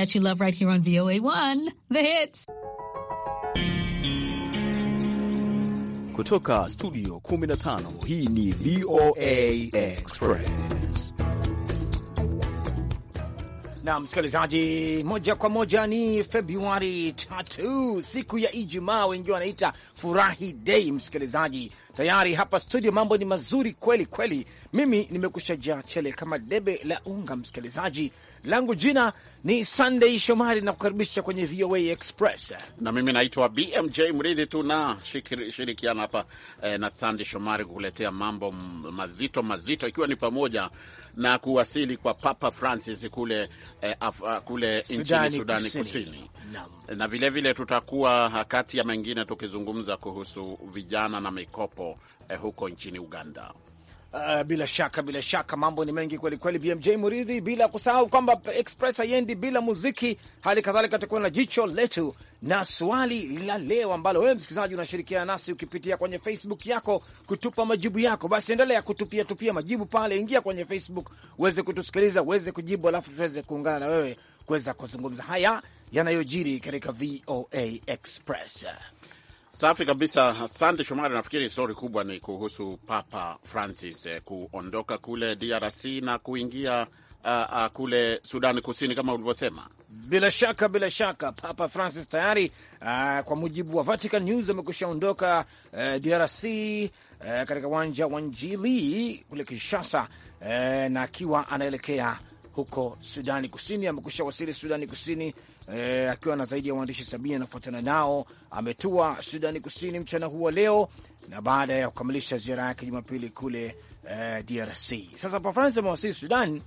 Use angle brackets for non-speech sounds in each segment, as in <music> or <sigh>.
that you love right here on VOA1, The Hits. Kutoka studio 15 hii ni VOA Express. Na msikilizaji, moja kwa moja ni Februari tatu, siku ya Ijumaa, wengi wanaita furahi dei. Msikilizaji, tayari hapa studio mambo ni mazuri kweli kweli. Mimi nimekusha jaa chele kama debe la unga, msikilizaji langu jina ni Sunday Shomari na kukaribisha kwenye VOA Express. Na mimi naitwa BMJ Mridhi, tunashirikiana hapa eh, na Sunday Shomari kukuletea mambo mazito mazito, ikiwa ni pamoja na kuwasili kwa Papa Francis kule, eh, af, ah, kule nchini Sudani, Sudani Kusini, Kusini. No. Na vilevile vile tutakuwa kati ya mengine tukizungumza kuhusu vijana na mikopo eh, huko nchini Uganda. Uh, bila shaka bila shaka mambo ni mengi kweli kweli, BMJ Muridhi, bila kusahau kwamba Express haiendi bila muziki. Hali kadhalika tutakuwa na jicho letu na swali la leo ambalo wewe msikilizaji unashirikiana nasi ukipitia kwenye Facebook yako kutupa majibu yako. Basi endelea kutupia tupia majibu pale, ingia kwenye Facebook uweze kutusikiliza, uweze kujibu, alafu tuweze kuungana na wewe kuweza kuzungumza haya yanayojiri katika VOA Express. Safi kabisa, asante Shomari. Nafikiri stori kubwa ni kuhusu Papa Francis eh, kuondoka kule DRC na kuingia uh, uh, kule Sudani Kusini kama ulivyosema. Bila shaka, bila shaka Papa Francis tayari uh, kwa mujibu wa Vatican News amekusha ondoka uh, eh, DRC uh, eh, katika uwanja wa Njili kule Kinshasa uh, na akiwa anaelekea huko Sudani Kusini. Amekusha wasili Sudani Kusini eh, akiwa na zaidi ya waandishi sabini anafuatana nao. Ametua Sudani Kusini mchana wa leo na baada ya kukamilisha ziara yake Jumapili kule eh, DRC. Sasa Pafaransa amewasili Sudan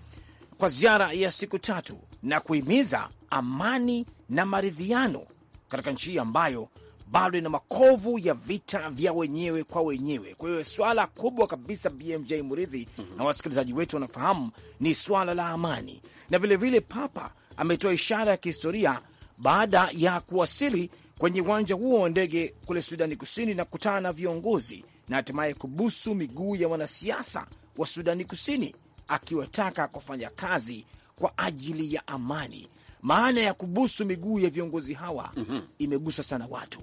kwa ziara ya siku tatu na kuhimiza amani na maridhiano katika nchi hii ambayo bado ina makovu ya vita vya wenyewe kwa wenyewe. Kwa hiyo swala kubwa kabisa BMJ Muridhi, mm -hmm. na wasikilizaji wetu wanafahamu ni swala la amani, na vilevile vile Papa ametoa ishara ya kihistoria baada ya kuwasili kwenye uwanja huo wa ndege kule Sudani Kusini na kukutana na viongozi na hatimaye kubusu miguu ya wanasiasa wa Sudani Kusini akiwataka kufanya kazi kwa ajili ya amani. Maana ya kubusu miguu ya viongozi hawa mm -hmm. imegusa sana watu,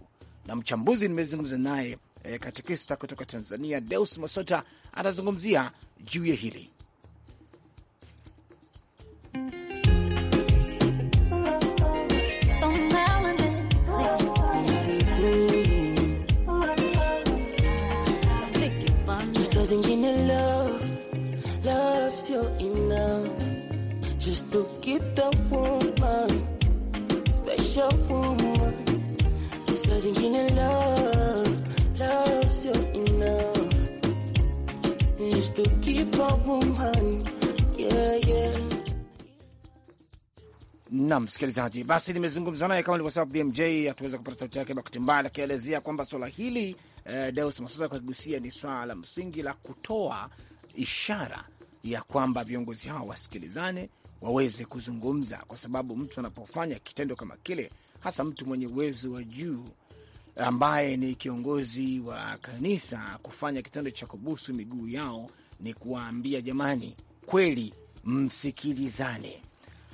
na mchambuzi nimezungumza naye e, eh, katikista kutoka Tanzania Deus Masota anazungumzia juu ya hili. just to keep the woman, special woman. Says in love, love's your enough. Just to keep a woman, yeah, yeah. Na msikilizaji, basi nimezungumza naye kama nilivyosema, BMJ hatuweza kupata sauti yake bahati mbaya, akielezea kwamba swala hili eh, Deus Masoza akigusia ni swala la msingi la kutoa ishara ya kwamba viongozi hao wasikilizane waweze kuzungumza, kwa sababu mtu anapofanya kitendo kama kile, hasa mtu mwenye uwezo wa juu ambaye ni kiongozi wa kanisa, kufanya kitendo cha kubusu miguu yao, ni kuwaambia jamani, kweli msikilizane.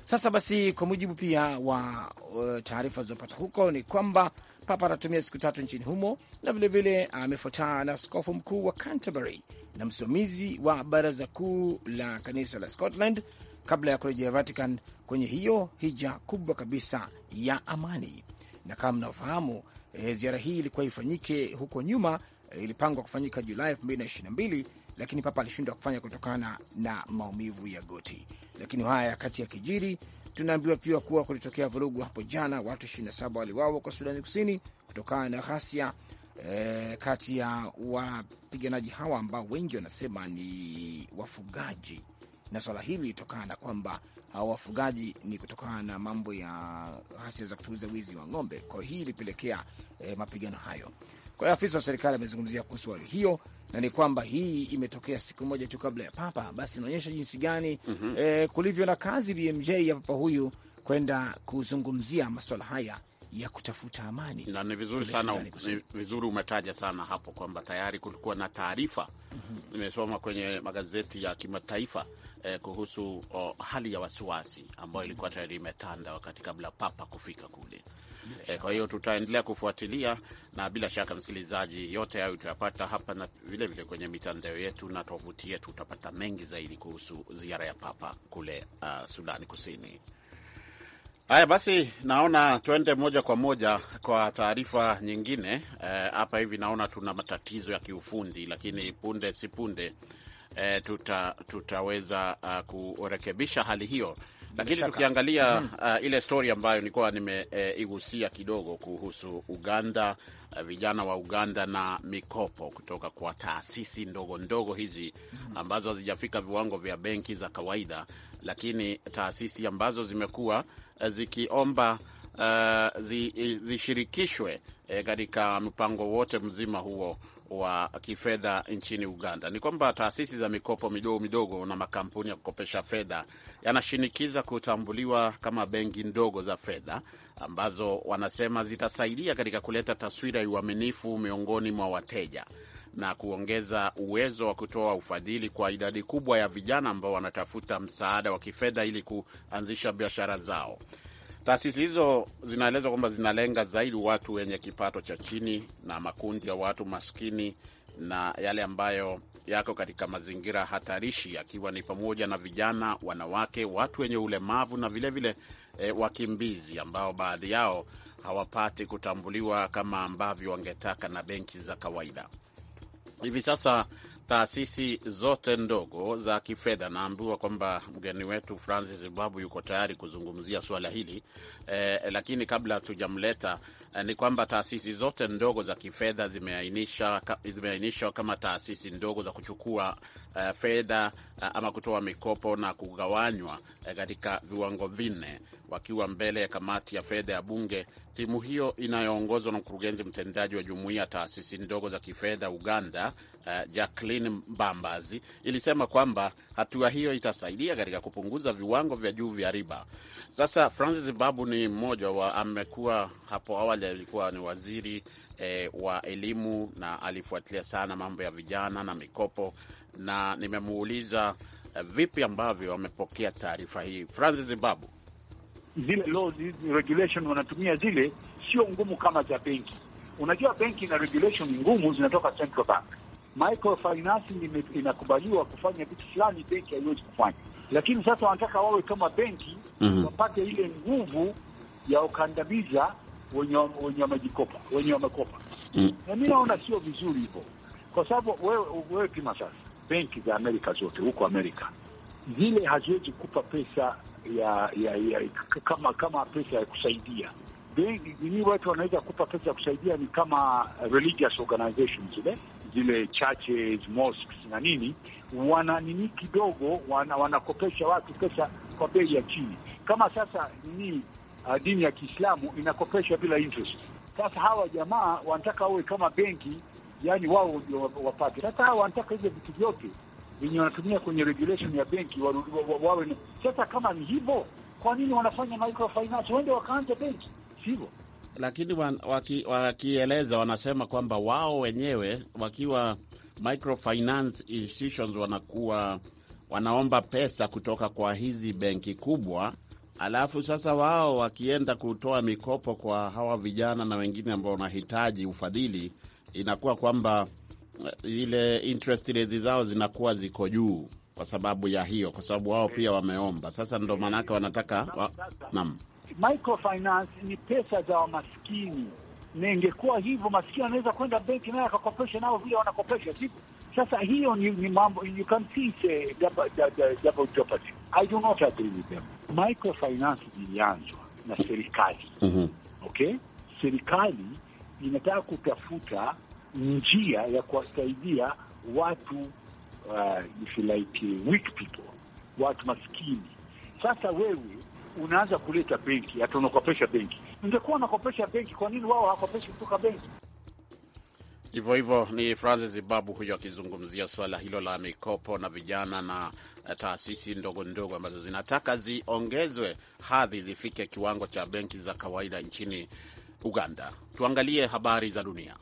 Sasa basi, kwa mujibu pia wa uh, taarifa zilizopata huko ni kwamba Papa anatumia siku tatu nchini humo na vilevile amefuatana na askofu mkuu wa Canterbury na msimamizi wa baraza kuu la kanisa la Scotland kabla ya kurejea Vatican kwenye hiyo hija kubwa kabisa ya amani. Na kama mnaofahamu, e, ziara hii ilikuwa ifanyike huko nyuma, e, ilipangwa kufanyika Julai 2022 lakini papa alishindwa kufanya kutokana na maumivu ya goti. Lakini haya kati ya kijiri tunaambiwa pia kuwa kulitokea vurugu hapo jana, watu 27 waliwawa kwa Sudani Kusini kutokana na ghasia e, kati ya wapiganaji hawa ambao wengi wanasema ni wafugaji na swala hili tokana kwamba hao wafugaji ni kutokana na mambo ya ghasia za kutuliza wizi wa ng'ombe. Kwa hiyo hii ilipelekea eh, mapigano hayo. Kwa hiyo afisa wa serikali amezungumzia kuhusu hali hiyo, na ni kwamba hii imetokea siku moja tu kabla ya Papa. Basi inaonyesha jinsi gani mm -hmm. eh, kulivyo na kazi BMJ ya Papa huyu kwenda kuzungumzia maswala haya ya kutafuta amani, na ni vizuri sana, ni vizuri umetaja sana hapo kwamba tayari kulikuwa na taarifa mm -hmm. kwenye magazeti ya kimataifa eh, kuhusu oh, hali ya wasiwasi ambayo ilikuwa tayari imetanda wakati kabla papa kufika kule. Eh, kwa hiyo tutaendelea kufuatilia na bila shaka, msikilizaji, yote hayo utayapata hapa na vilevile vile kwenye mitandao yetu na tovuti yetu, utapata mengi zaidi kuhusu ziara ya papa kule uh, Sudani Kusini. Haya basi, naona tuende moja kwa moja kwa taarifa nyingine eh, hapa. E, hivi naona tuna matatizo ya kiufundi, lakini punde si punde eh, tuta, tutaweza uh, kurekebisha hali hiyo lakini tukiangalia uh, ile stori ambayo nilikuwa nimeigusia eh, e, kidogo kuhusu Uganda uh, vijana wa Uganda na mikopo kutoka kwa taasisi ndogo ndogo hizi mhm. ambazo hazijafika viwango vya benki za kawaida, lakini taasisi ambazo zimekuwa eh, zikiomba uh, zishirikishwe e, katika mpango wote mzima huo wa kifedha nchini Uganda ni kwamba taasisi za mikopo midogo midogo na makampuni ya kukopesha fedha yanashinikiza kutambuliwa kama benki ndogo za fedha ambazo wanasema zitasaidia katika kuleta taswira ya uaminifu miongoni mwa wateja na kuongeza uwezo wa kutoa ufadhili kwa idadi kubwa ya vijana ambao wanatafuta msaada wa kifedha ili kuanzisha biashara zao. Taasisi hizo zinaelezwa kwamba zinalenga zaidi watu wenye kipato cha chini na makundi ya watu maskini na yale ambayo yako katika mazingira hatarishi, yakiwa ni pamoja na vijana, wanawake, watu wenye ulemavu na vilevile vile, e, wakimbizi ambao baadhi yao hawapati kutambuliwa kama ambavyo wangetaka na benki za kawaida. Hivi sasa taasisi zote ndogo za kifedha. Naambiwa kwamba mgeni wetu Francis Babu yuko tayari kuzungumzia suala hili eh, lakini kabla hatujamleta eh, ni kwamba taasisi zote ndogo za kifedha zimeainishwa ka, zimeainishwa kama taasisi ndogo za kuchukua eh, fedha eh, ama kutoa mikopo na kugawanywa eh, katika viwango vinne. Wakiwa mbele ya kamati ya fedha ya Bunge, timu hiyo inayoongozwa na mkurugenzi mtendaji wa jumuiya taasisi ndogo za kifedha Uganda uh, Jacqueline Mbambazi ilisema kwamba hatua hiyo itasaidia katika kupunguza viwango vya juu vya riba. Sasa Francis Babu ni mmoja wa, amekuwa hapo awali alikuwa ni waziri eh, wa elimu na alifuatilia sana mambo ya vijana na mikopo, na nimemuuliza eh, vipi ambavyo wamepokea taarifa hii. Francis Babu, zile laws regulation wanatumia zile sio ngumu kama za benki. Unajua benki na regulation ngumu zinatoka central bank microfinance inakubaliwa kufanya vitu fulani, benki haiwezi kufanya. Lakini sasa wanataka wawe kama benki mm -hmm. wapate ile nguvu ya ukandamiza wenye wamejikopa wenye wamekopa mm -hmm. na mi naona sio vizuri hivyo, kwa sababu wewe wewe pima sasa, benki za Amerika zote huko Amerika zile haziwezi kupa pesa ya, ya, ya kama kama pesa ya kusaidia benki. Watu wanaweza kupa pesa ya kusaidia ni kama religious organizations zile eh? zile churches, mosques na nini, wana nini kidogo, wana, wanakopesha watu pesa kwa bei ya chini. Kama sasa nini, uh, dini ya Kiislamu inakopesha bila interest. Sasa hawa jamaa wanataka wawe kama benki, yani wao ndio wapate. Sasa hawa wanataka hivyo vitu vyote venye wanatumia kwenye regulation ya benki wawe wa, wa, wa. Sasa kama ni hivyo, kwa nini wanafanya microfinance? Wende wakaanza benki, sivyo? lakini wakieleza waki, wanasema kwamba wao wenyewe wakiwa microfinance institutions wanakuwa wanaomba pesa kutoka kwa hizi benki kubwa, alafu sasa wao wakienda kutoa mikopo kwa hawa vijana na wengine ambao wanahitaji ufadhili, inakuwa kwamba eh, ile interest rates zao zinakuwa ziko juu kwa sababu ya hiyo, kwa sababu wao pia wameomba. Sasa ndo maanake wanataka wa microfinance ni pesa za wamaskini, na ingekuwa hivyo maskini anaweza kwenda benki naye akakopesha nao vile wanakopesha, sivyo? Sasa hiyo ni, ni mambo you can see it's double, jeopardy. I do not agree with them. Microfinance ilianzwa na serikali mm -hmm. Okay, serikali inataka kutafuta njia ya kuwasaidia watu uh, if you like, weak people, watu maskini. Sasa wewe unaanza kuleta benki, hata unakopesha benki. Ungekuwa unakopesha benki, kwa nini wao hawakopeshi kutoka benki? Hivyo hivyo ni Francis Babu huyo akizungumzia suala hilo la mikopo na vijana na eh, taasisi ndogo ndogo ambazo zinataka ziongezwe hadhi zifike kiwango cha benki za kawaida nchini Uganda. Tuangalie habari za dunia.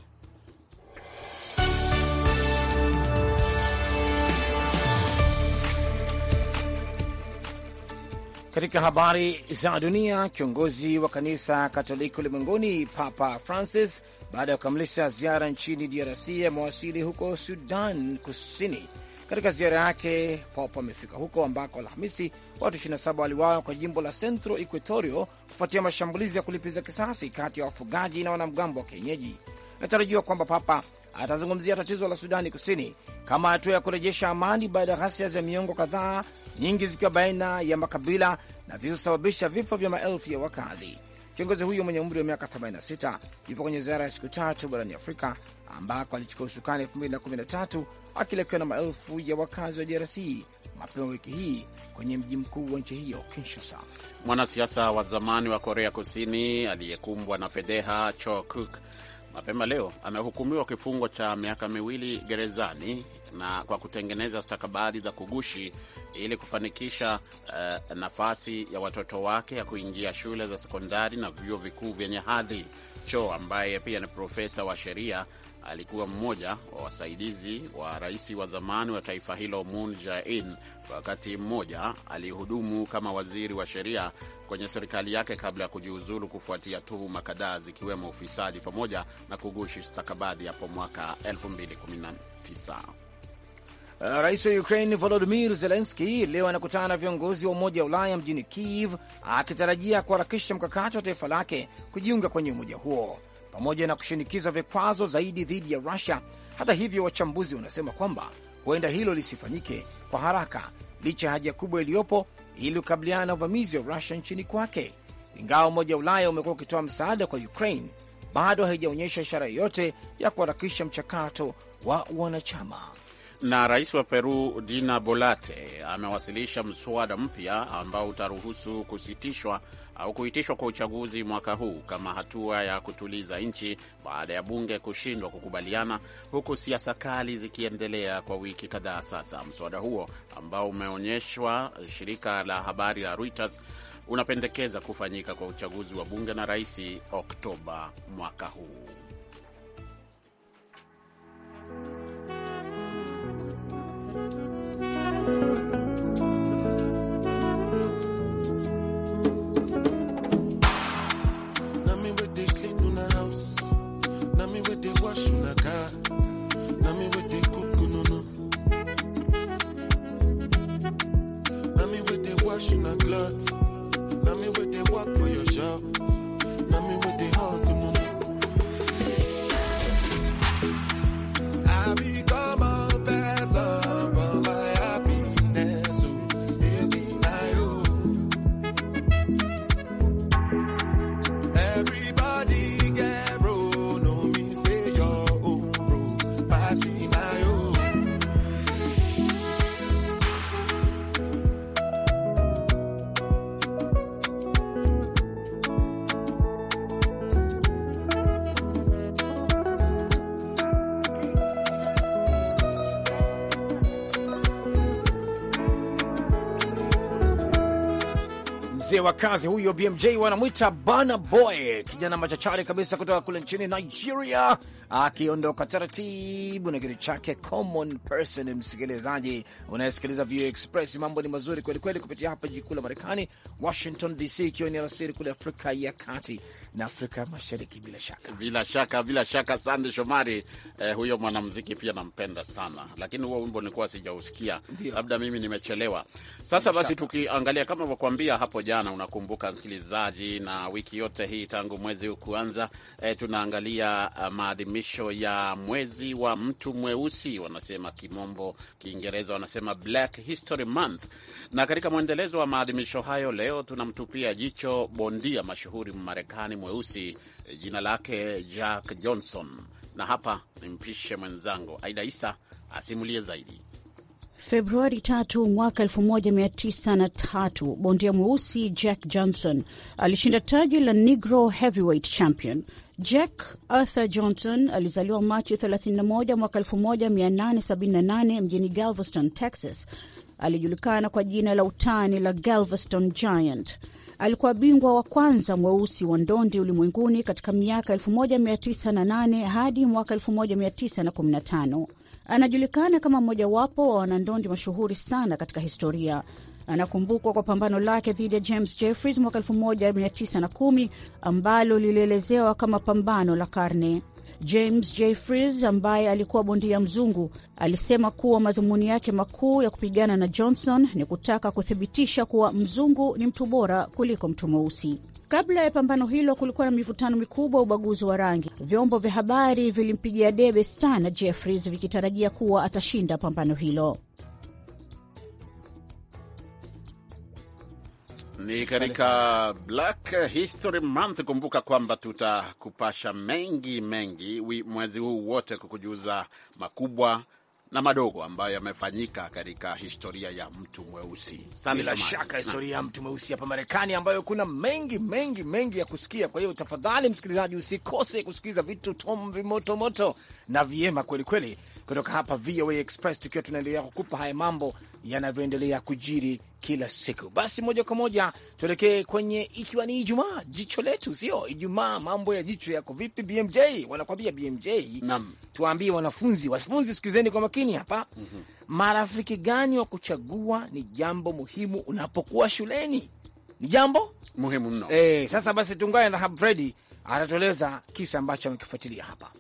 Katika habari za dunia, kiongozi wa kanisa Katoliki ulimwenguni Papa Francis baada ya kukamilisha ziara nchini DRC amewasili huko Sudan Kusini. Katika ziara yake, Papa amefika huko ambako Alhamisi watu 27 waliwawa kwa jimbo la Centro Equatorio kufuatia mashambulizi ya kulipiza kisasi kati ya wafugaji na wanamgambo wa kienyeji. Natarajiwa kwamba Papa atazungumzia tatizo la Sudani Kusini kama hatua ya kurejesha amani baada ya ghasia za miongo kadhaa, nyingi zikiwa baina ya makabila na zilizosababisha vifo vya maelfu ya wakazi. Kiongozi huyo mwenye umri wa miaka 86 yupo kwenye ziara ya siku tatu barani Afrika ambako alichukua usukani 2013 akilekewa na maelfu ya wakazi wa DRC mapema wiki hii kwenye mji mkuu wa nchi hiyo Kinshasa. Mwanasiasa wa zamani wa Korea Kusini aliyekumbwa na fedheha Cho Kuk mapema leo amehukumiwa kifungo cha miaka miwili gerezani na kwa kutengeneza stakabadhi za kugushi ili kufanikisha uh, nafasi ya watoto wake ya kuingia shule za sekondari na vyuo vikuu vyenye hadhi. Cho ambaye pia ni profesa wa sheria alikuwa mmoja wa wasaidizi wa rais wa zamani wa taifa hilo Moon Jae-in. Wakati mmoja alihudumu kama waziri wa sheria kwenye serikali yake kabla ya kujiuzulu kufuatia tuhuma kadhaa zikiwemo ufisadi pamoja na kugushi stakabadhi hapo mwaka 2019. Uh, rais wa Ukraine Volodimir Zelenski leo anakutana na viongozi wa Umoja wa Ulaya mjini Kiev akitarajia kuharakisha mkakati wa taifa lake kujiunga kwenye umoja huo pamoja na kushinikiza vikwazo zaidi dhidi ya Rusia. Hata hivyo, wachambuzi wanasema kwamba huenda hilo lisifanyike kwa haraka licha ya haja kubwa iliyopo ili kukabiliana na uvamizi wa Rusia nchini kwake. Ingawa Umoja wa Ulaya umekuwa ukitoa msaada kwa Ukraine, bado haijaonyesha ishara yoyote ya kuharakisha mchakato wa wanachama. Na rais wa Peru Dina Bolate amewasilisha mswada mpya ambao utaruhusu kusitishwa au kuitishwa kwa uchaguzi mwaka huu kama hatua ya kutuliza nchi baada ya bunge kushindwa kukubaliana, huku siasa kali zikiendelea kwa wiki kadhaa sasa. Mswada huo ambao umeonyeshwa shirika la habari la Reuters unapendekeza kufanyika kwa uchaguzi wa bunge na rais Oktoba mwaka huu. Joe. wakazi huyo BMJ wanamwita Burna Boy, kijana machachari kabisa kutoka kule nchini Nigeria, akiondoka taratibu na kitu chake common person. Msikilizaji unayesikiliza VOA Express, mambo ni mazuri kweli kweli, kupitia hapa jiji kuu la Marekani, Washington DC, ikiwa ni alasiri kule Afrika ya Kati na Afrika Mashariki. Bila shaka, bila shaka, bila shaka. Sande Shomari, eh, huyo mwanamziki pia nampenda sana, lakini huo wimbo nilikuwa sijausikia, labda mimi nimechelewa. Sasa basi, tukiangalia kama navyokuambia hapo jana, unakumbuka msikilizaji na wiki wiki yote hii tangu mwezi huu kuanza. E, tunaangalia eh, maadhimisho ya mwezi wa mtu mweusi, wanasema kimombo, Kiingereza wanasema Black History Month. Na katika mwendelezo wa maadhimisho hayo, leo tunamtupia jicho bondia mashuhuri Mmarekani mweusi, eh, jina lake Jack Johnson, na hapa nimpishe mwenzangu Aida Isa asimulie zaidi. Februari tatu mwaka 1903 bondia mweusi Jack Johnson alishinda taji la Negro Heavyweight Champion. Jack Arthur Johnson alizaliwa Machi 31 mwaka 1878 mjini Galveston, Texas. Alijulikana kwa jina la utani la Galveston Giant. Alikuwa bingwa wa kwanza mweusi wa ndondi ulimwenguni katika miaka 1908 hadi mwaka 1915. Anajulikana kama mmojawapo wa wanandondi mashuhuri sana katika historia. Anakumbukwa kwa pambano lake dhidi ya James Jeffries mwaka 1910 ambalo lilielezewa kama pambano la karne. James Jeffries ambaye alikuwa bondia mzungu alisema kuwa madhumuni yake makuu ya kupigana na Johnson ni kutaka kuthibitisha kuwa mzungu ni mtu bora kuliko mtu mweusi. Kabla ya pambano hilo kulikuwa na mivutano mikubwa ya ubaguzi wa rangi. Vyombo vya habari vilimpigia debe sana Jeffries vikitarajia kuwa atashinda pambano hilo. Ni katika Black History Month. Kumbuka kwamba tutakupasha mengi mengi mwezi huu wote, kukujuza makubwa na madogo ambayo yamefanyika katika historia ya mtu mweusi. Bila shaka historia ya mtu mweusi hapa Marekani, ambayo kuna mengi mengi mengi ya kusikia. Kwa hiyo tafadhali, msikilizaji, usikose kusikiliza vitu tom vimotomoto na vyema kwelikweli kutoka hapa VOA Express, tukiwa tunaendelea kukupa haya mambo yanavyoendelea kujiri kila siku. Basi moja kwa moja tuelekee kwenye, ikiwa ni Ijumaa jicho letu, sio Ijumaa mambo ya jicho yako vipi? BMJ wanakwambia BMJ nam, tuwaambie wanafunzi, wafunzi, sikizeni kwa makini hapa mm -hmm. Marafiki gani wa kuchagua ni jambo muhimu unapokuwa shuleni, ni jambo muhimu mno. E, sasa basi tuungane na Hub Fredi atatueleza kisa ambacho amekifuatilia hapa.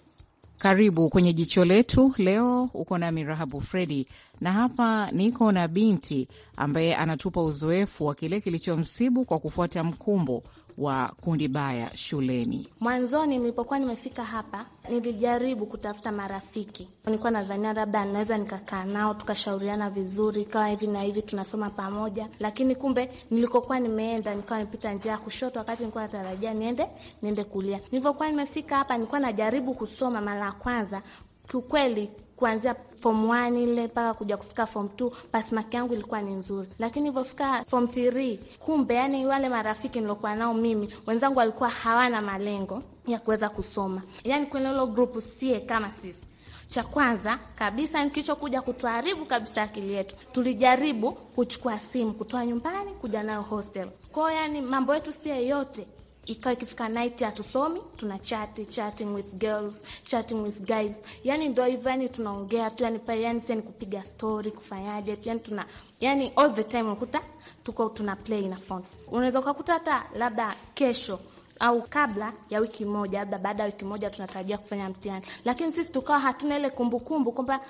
Karibu kwenye jicho letu leo, uko nami Rahabu Fredi na hapa niko na binti ambaye anatupa uzoefu wa kile kilichomsibu kwa kufuata mkumbo wa kundi baya shuleni. Mwanzoni nilipokuwa nimefika hapa, nilijaribu kutafuta marafiki. Nilikuwa nadhania labda naweza nikakaa nao tukashauriana vizuri, kawa hivi na hivi, tunasoma pamoja, lakini kumbe nilikokuwa nimeenda nikawa nipita njia ya kushoto, wakati nilikuwa natarajia niende niende kulia. Nilivyokuwa nimefika hapa, nilikuwa najaribu kusoma mara ya kwanza, kiukweli kuanzia form 1 ile mpaka kuja kufika form 2, pasimaki yangu ilikuwa ni nzuri, lakini ilivyofika form 3, kumbe yani wale marafiki nilokuwa nao mimi wenzangu walikuwa hawana malengo ya kuweza kusoma, yani kwenye hilo group sie kama sisi cha kwanza kabisa kilichokuja kutuharibu kabisa akili yetu, tulijaribu kuchukua simu kutoa nyumbani kuja nayo hostel kwao, yani mambo yetu sie yote ikawa ikifika night hatusomi, tuna chat chatting with girls, chatting with guys, yani ndo hivyo, yani tunaongea tu yani pale, yani sasa kupiga story kufanyaje, yani tuna yani all the time unakuta tuko tuna play na phone. Unaweza ukakuta hata labda kesho au kabla ya wiki moja, labda baada ya wiki moja tunatarajia kufanya mtihani, lakini sisi tukawa hatuna ile kumbukumbu kwamba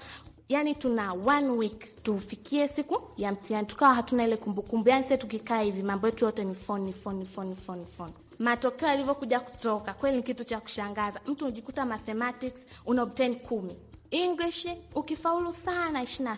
yani tuna one week tufikie siku ya mtihani, tukawa hatuna ile kumbukumbu. Yani sasa tukikaa hivi mambo yetu yote ni phone, phone, phone, phone, phone matokeo yalivyokuja kutoka kweli ni kitu cha kushangaza. Mtu unajikuta mathematics una obtain kumi English ukifaulu sana 27.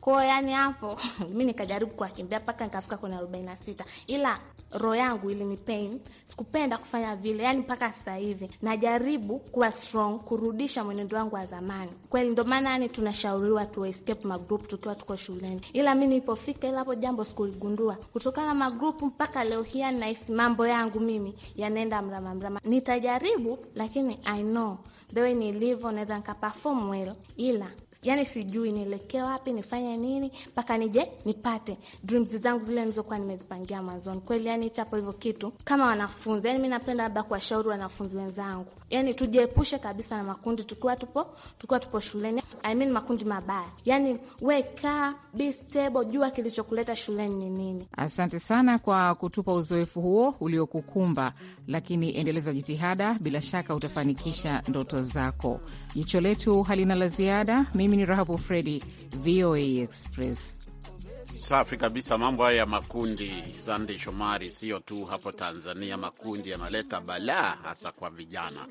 Kwa hiyo yani hapo <laughs> mimi nikajaribu kuwakimbia mpaka nikafika kwenye 46. Ila roho yangu ilini pain. Sikupenda kufanya vile. Yani mpaka sasa hivi najaribu kuwa strong kurudisha mwenendo wangu wa zamani. Kweli ndio maana yani tunashauriwa tu escape magroup tukiwa tuko shuleni. Ila mimi nilipofika ila hapo jambo sikuligundua. Kutokana na magroup mpaka leo hii na mambo yangu mimi yanaenda mrama mrama. Nitajaribu lakini I know the way nilivyo, naweza nika perform well, ila yani sijui nielekee wapi, nifanye nini mpaka nije nipate dreams zangu zile nilizokuwa nimezipangia mwanzoni. Kweli yani chapo hivyo kitu kama wanafunzi, yani mi napenda labda kuwashauri wanafunzi wenzangu, yani tujiepushe kabisa na makundi tukiwa tupo tukiwa tupo shuleni, I mean makundi mabaya. Yani weka be stable, jua kilichokuleta shuleni ni nini. Asante sana kwa kutupa uzoefu huo uliokukumba, lakini endeleza jitihada, bila shaka utafanikisha ndoto zako. Jicho letu halina la ziada. Mimi ni Rahabu Fredi, VOA Express. Safi kabisa. Mambo haya ya makundi, Sandey Shomari, sio tu hapo Tanzania, makundi yanaleta balaa hasa kwa vijana.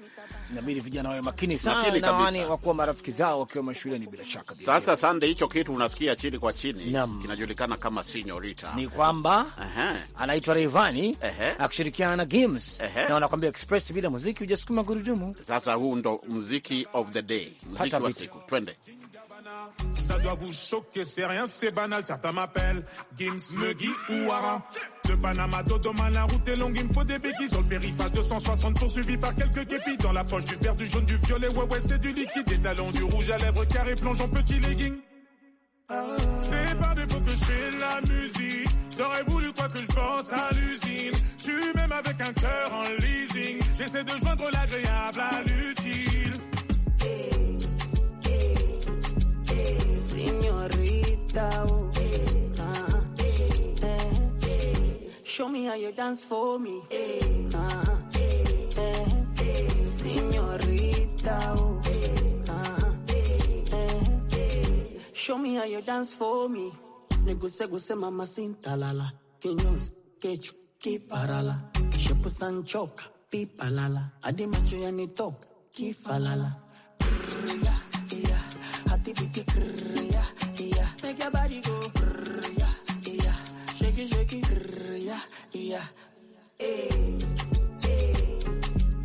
Inabidi vijana wawe makini sana na wakuwa marafiki zao wakiwa mashuleni, bila shaka. Sasa Sandey, hicho kitu unasikia chini kwa chini kinajulikana kama sinyorita, ni kwamba uh -huh. anaitwa Rayvanny akishirikiana na Gims na wanakwambia express, bila muziki hujasukuma gurudumu. Sasa huu ndo muziki of the day, muziki wa siku. Twende. Ça doit vous choquer, c'est rien, c'est banal. Certains m'appellent Gims, Muggy ou Ara. De Panama, Dodoma, la route est longue, il me faut des béquilles. Sur le périph' à 260, poursuivi par quelques képis. Dans la poche du vert, du jaune, du violet, ouais, ouais, c'est du liquide. Des talons, du rouge à lèvres, carré, plongeant, petit legging. C'est pas de vous que je fais la musique. J'aurais voulu quoi que je pense à l'usine. Tu m'aimes avec un cœur en leasing. J'essaie de joindre l'agréable à l'utile. señorita. Oh. Uh-huh. Show me how you dance for me. Uh-huh. Eh. Señorita. Oh. Uh-huh. Show me how you dance for me. Neguse guse mama sintalala. Kenyos, kechu, kiparala. Shepu sanchoka, pipalala. Adimacho yanitoka, kifalala. your body go. Brr, yeah, yeah. Shake it, shake it. Brr, yeah, yeah. Hey, hey,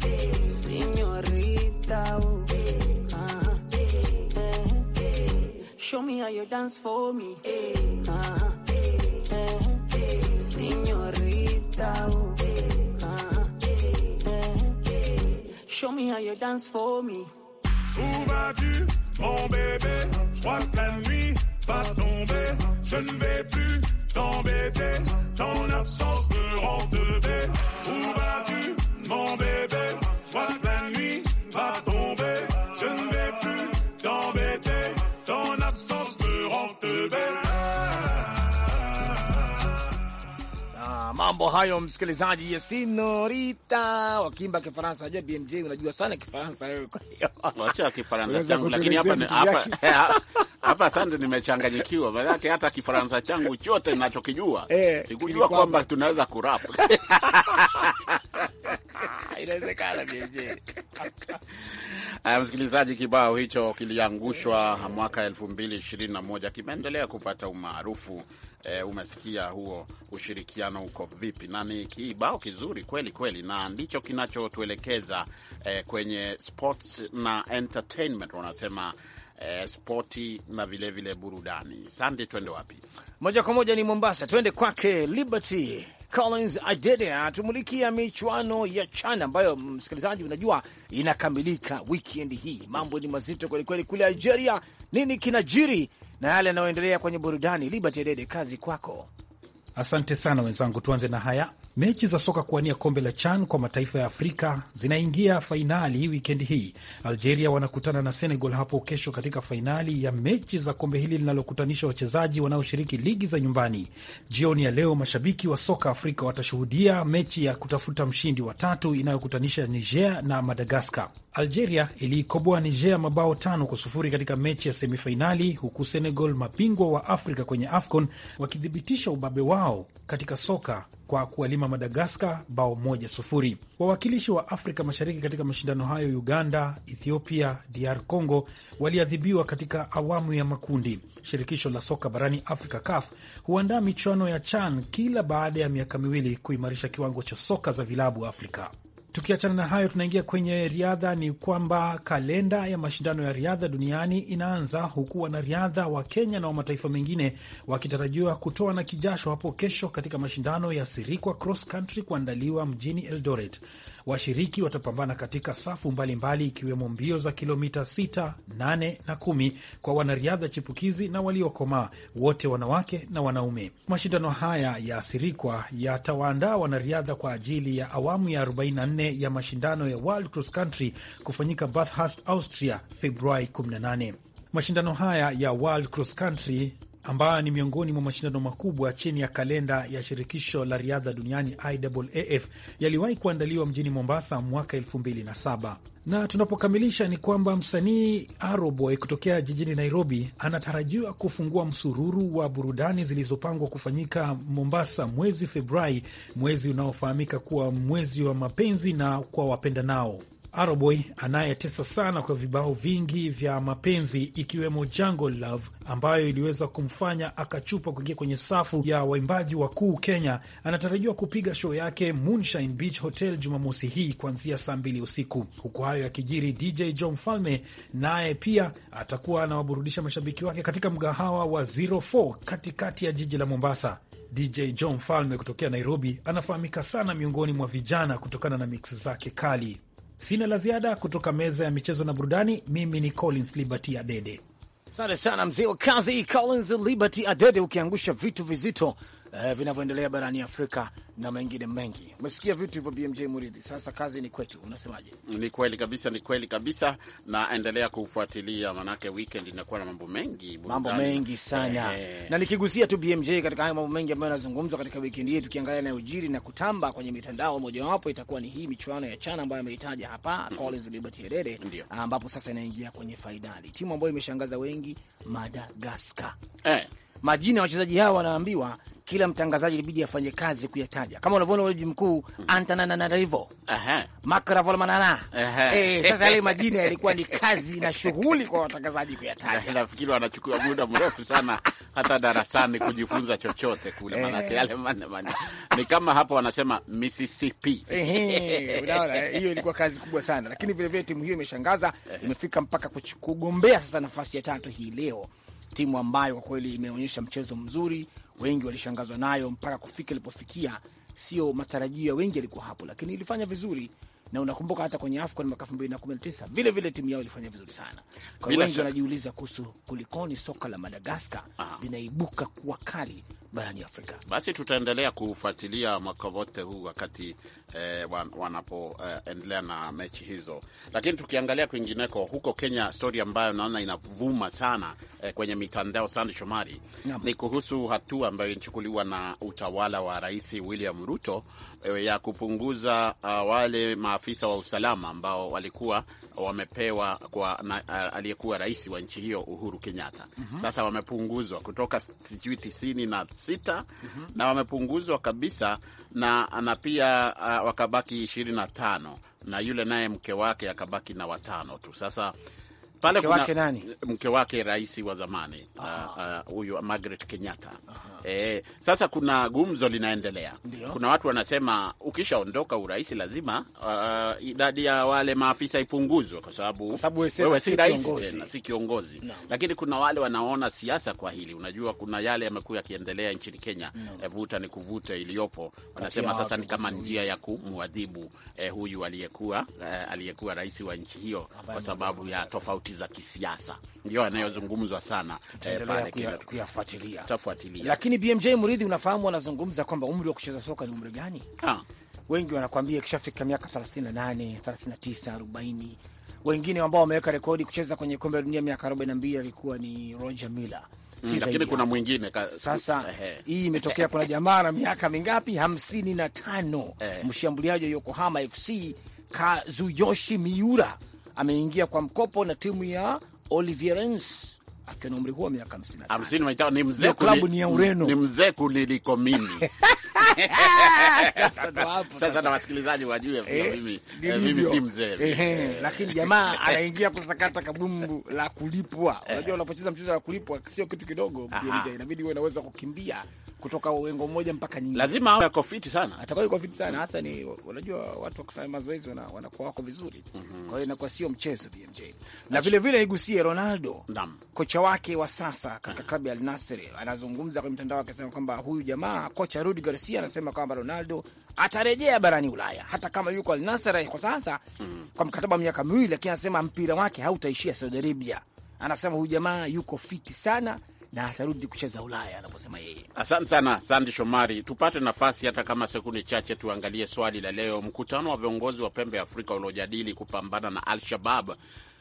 hey. Senorita, oh. Hey, uh-huh. hey, hey, hey. Show me how you dance for me. Hey, uh-huh. hey, hey. hey. Senorita, oh. Hey, uh-huh. hey, hey, hey. Show me how you dance for me. Où vas-tu, mon bébé? Je crois que la nuit pas tomber. Je ne vais plus t'embêter. Ton absence me rend de Où vas-tu, mon bébé? Sois mambo hayo, msikilizaji. Yesinorita wakimba Kifaransa. Najua BMJ unajua sana Kifaransa wewe, kwa hiyo <laughs> wacha Kifaransa changu, lakini hapa hapa <laughs> hapa sande, nimechanganyikiwa maanake hata Kifaransa changu chote ninachokijua eh, sikujua kwamba tunaweza kurap <laughs> inawezekana BMJ. Msikilizaji, kibao hicho kiliangushwa mwaka elfu mbili ishirini na moja kimeendelea kupata umaarufu e, umesikia huo ushirikiano uko vipi, na ni kibao kizuri kweli kweli, na ndicho kinachotuelekeza e, kwenye sports na entertainment wanasema e, spoti na vilevile vile burudani. Sande, twende wapi? Moja kwa moja ni Mombasa, twende kwake Liberty Collins Adede atumulikia michuano ya CHAN ambayo msikilizaji, unajua inakamilika wikendi hii. Mambo ni mazito kwelikweli kule Algeria. Nini kinajiri na yale yanayoendelea kwenye burudani. Liberty Dede, kazi kwako. Asante sana wenzangu, tuanze na haya Mechi za soka kuwania kombe la CHAN kwa mataifa ya Afrika zinaingia fainali wikendi hii. Algeria wanakutana na Senegal hapo kesho katika fainali ya mechi za kombe hili linalokutanisha wachezaji wanaoshiriki ligi za nyumbani. Jioni ya leo, mashabiki wa soka Afrika watashuhudia mechi ya kutafuta mshindi wa tatu inayokutanisha Niger na Madagaskar. Algeria iliikoboa Niger mabao tano kwa sufuri katika mechi ya semifainali, huku Senegal, mabingwa wa Afrika kwenye AFCON, wakithibitisha ubabe wao katika soka kwa kuwalima Madagaskar bao moja sufuri. Wawakilishi wa Afrika Mashariki katika mashindano hayo Uganda, Ethiopia, DR Congo waliadhibiwa katika awamu ya makundi. Shirikisho la soka barani Afrika, CAF, huandaa michuano ya CHAN kila baada ya miaka miwili kuimarisha kiwango cha soka za vilabu Afrika. Tukiachana na hayo, tunaingia kwenye riadha. Ni kwamba kalenda ya mashindano ya riadha duniani inaanza huku wanariadha wa Kenya na wa mataifa mengine wakitarajiwa kutoa na kijasho hapo kesho katika mashindano ya Sirikwa Cross Country kuandaliwa mjini Eldoret. Washiriki watapambana katika safu mbalimbali ikiwemo mbio za kilomita 6, 8 na 10 kwa wanariadha chipukizi na waliokomaa, wote wanawake na wanaume. Mashindano haya ya asirikwa yatawaandaa wanariadha kwa ajili ya awamu ya 44 ya mashindano ya World Cross Country kufanyika Bathurst, Austria, Februari 18. Mashindano haya ya World Cross Country ambayo ni miongoni mwa mashindano makubwa chini ya kalenda ya shirikisho la riadha duniani IAAF yaliwahi kuandaliwa mjini Mombasa mwaka 2007 na tunapokamilisha ni kwamba msanii Aroboy kutokea jijini Nairobi anatarajiwa kufungua msururu wa burudani zilizopangwa kufanyika Mombasa mwezi Februari, mwezi unaofahamika kuwa mwezi wa mapenzi na kwa wapenda nao. Aroboy anayetesa sana kwa vibao vingi vya mapenzi ikiwemo Jungle Love ambayo iliweza kumfanya akachupa kuingia kwenye safu ya waimbaji wakuu Kenya. Anatarajiwa kupiga show yake Moonshine Beach Hotel Jumamosi hii kuanzia saa mbili usiku. Huku hayo yakijiri, DJ John Mfalme naye pia atakuwa anawaburudisha mashabiki wake katika mgahawa wa 04 katikati ya jiji la Mombasa. DJ John Falme kutokea Nairobi anafahamika sana miongoni mwa vijana kutokana na miksi zake kali. Sina la ziada kutoka meza ya michezo na burudani. Mimi ni Collins Liberty Adede. Asante sana mzee wa kazi Collins Liberty Adede, ukiangusha vitu vizito uh, vinavyoendelea barani Afrika na mengine mengi. Umesikia vitu hivyo BMJ Muridhi, sasa kazi ni kwetu, unasemaje? Ni kweli kabisa, ni kweli kabisa, na endelea kufuatilia, manake weekend inakuwa na mambo mengi, mambo mengi sana hey. Eh, eh. Na nikigusia tu BMJ katika hayo mambo mengi ambayo yanazungumzwa katika weekend hii, tukiangalia yanayojiri na kutamba kwenye mitandao, mojawapo itakuwa ni hii michuano ya chana ambayo ameitaja hapa mm. Collins Liberty Herede, ambapo sasa inaingia kwenye fainali timu ambayo imeshangaza wengi Madagaskar eh majina ya wachezaji hawa wanaambiwa kila mtangazaji ilibidi afanye kazi kuyataja, kama unavyoona ule mji mkuu hmm. Antananarivo, Makravolmanana. Eh, sasa yale majina yalikuwa ni kazi na shughuli kwa watangazaji kuyataja. Nafikiri wanachukua muda mrefu sana hata darasani kujifunza chochote kule, manake eh. yale manemane ni kama hapo wanasema Mississippi. Unaona, hiyo ilikuwa kazi kubwa sana, lakini vilevile timu hiyo imeshangaza, imefika mpaka kugombea sasa nafasi ya tatu hii leo timu ambayo kwa kweli imeonyesha mchezo mzuri, wengi walishangazwa nayo mpaka kufika ilipofikia. Sio matarajio ya wengi yalikuwa hapo, lakini ilifanya vizuri na unakumbuka hata kwenye AFCON mwaka 2019 vile vile timu yao ilifanya vizuri sana. Kwa hiyo wengi wanajiuliza kuhusu kulikoni soka la Madagascar linaibuka kuwa kali barani Afrika. Basi tutaendelea kufuatilia mwaka wote huu wakati eh, wanapoendelea eh, na mechi hizo. Lakini tukiangalia kwingineko, huko Kenya, stori ambayo naona inavuma sana eh, kwenye mitandao sana, Shomari, ni kuhusu hatua ambayo ilichukuliwa na utawala wa Rais William Ruto Eh, ya kupunguza uh, wale maafisa wa usalama ambao walikuwa wamepewa kwa uh, aliyekuwa rais wa nchi hiyo Uhuru Kenyatta. mm -hmm. Sasa wamepunguzwa kutoka sijui tisini na sita mm -hmm. na wamepunguzwa kabisa na, na pia uh, wakabaki ishirini na tano na yule naye mke wake akabaki na watano tu sasa pale mke wake nani? Mke wake rais wa zamani ah. Ah, ah, huyu uh, uh, Margaret Kenyatta. E, sasa kuna gumzo linaendelea. Ndiyo. Kuna watu wanasema ukishaondoka urais lazima uh, idadi ya wale maafisa ipunguzwe kwa sababu wewe si rais tena, si kiongozi no. Lakini kuna wale wanaona siasa kwa hili, unajua kuna yale yamekuwa yakiendelea nchini Kenya no. Eh, vuta ni kuvute iliyopo, wanasema sasa ni kama njia ya kumwadhibu eh, huyu aliyekuwa eh, aliyekuwa rais wa nchi hiyo kwa sababu ya tofauti za kisiasa ndio yanayozungumzwa sana eh, kuyafuatilia tafuatilia. Lakini BMJ Mridhi, unafahamu wanazungumza kwamba umri wa kucheza soka ni umri gani? Ha. Wengi wanakwambia ikishafika miaka 38, 39, 40. Wengine ambao wameweka rekodi kucheza kwenye kombe la dunia miaka arobaini na mbili alikuwa ni Roger Miller. Si hmm, lakini kuna mwingine ka... Sasa hii imetokea, kuna jamaa na miaka mingapi, hamsini na tano, eh. mshambuliaji wa Yokohama FC Kazuyoshi Miura ameingia kwa mkopo na timu ya Olivierens akiwa na umri huo wa miaka klabu ni ya Ureno. Ni mzee kuniliko mimi <laughs> sasa na wasikilizaji wajue eh, mimi eh, si mzee, lakini jamaa anaingia kusakata kabumbu la kulipwa. Eh. Unajua, unapocheza mchezo wa kulipwa sio kitu kidogo, inabidi uwe naweza kukimbia kutoka wengo mmoja mpaka nyingine, lazima awe ako fiti sana, atakuwa yuko fiti sana hasa. Ni unajua watu wakifanya mazoezi wanakuwa wako vizuri, mm -hmm. kwa hiyo inakuwa sio mchezo BMJ. Na vile vile igusie Ronaldo, Ndam. kocha wake wa sasa katika mm. klabu ya Al Nassr, anazungumza kwenye mtandao akisema kwamba huyu jamaa kocha Rudi Garcia anasema kwamba Ronaldo atarejea barani Ulaya hata kama yuko Al Nassr kwa sasa mm -hmm. kwa mkataba miaka miwili, lakini anasema mpira wake hautaishia Saudi Arabia. Anasema huyu jamaa yuko fiti sana na atarudi kucheza Ulaya anaposema yeye. Asante sana Sandi Shomari. Tupate nafasi hata kama sekunde chache, tuangalie swali la leo. Mkutano wa viongozi wa pembe ya Afrika uliojadili kupambana na Al-Shabab,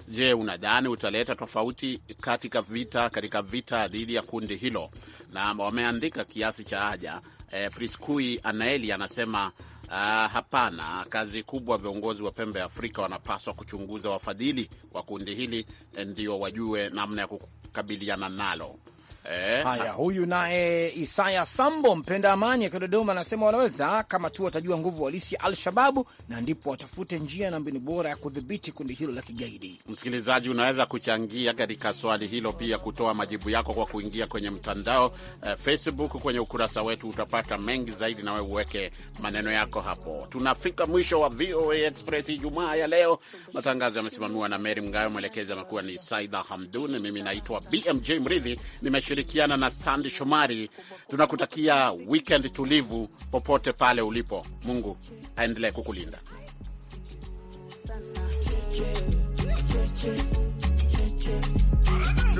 je, unadhani utaleta tofauti katika vita katika vita dhidi ya kundi hilo? Na wameandika kiasi cha haja. E, eh, Priskui Anaeli anasema Uh, hapana. Kazi kubwa viongozi wa pembe ya Afrika wanapaswa kuchunguza wafadhili wa kundi hili eh, ndio wajue namna ya kukabiliana nalo. Eh, haya, huyu naye Isaya Sambo mpenda amani akiwa Dodoma anasema wanaweza kama tu watajua nguvu halisi ya Al-Shababu na ndipo watafute njia na mbinu bora ya kudhibiti kundi hilo la kigaidi. Msikilizaji, unaweza kuchangia katika swali hilo pia kutoa majibu yako kwa kuingia kwenye mtandao eh, Facebook kwenye ukurasa wetu utapata mengi zaidi, nawe uweke maneno yako hapo. Tunafika mwisho wa VOA Express Ijumaa ya leo. Matangazo yamesimamiwa na Mary Mgayo, mwelekezi amekuwa ni Saida Hamdun, mimi naitwa BMJ Mridhi, nimesh kushirikiana na Sandi Shomari. Tunakutakia wikend tulivu popote pale ulipo. Mungu aendelee kukulinda.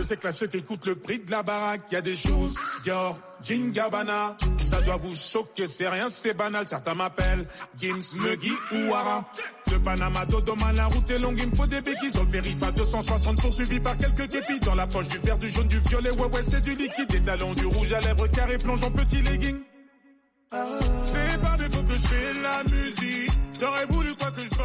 c'est que la ceux qui le prix de la baraque, il y a des choses, Dior, Jean ça doit vous choquer, c'est rien, c'est banal, certains m'appellent Gims, Muggy ou Ara De Panama, Dodoma, la route est longue, il me faut des béquilles sur le périph' à 260, poursuivi par quelques képis, dans la poche du vert, du jaune, du violet, ouais, ouais, c'est du liquide, des talons, du rouge à lèvres, carré, plongeant petit legging. C'est pas de tout que je fais la musique, t'aurais voulu quoi que je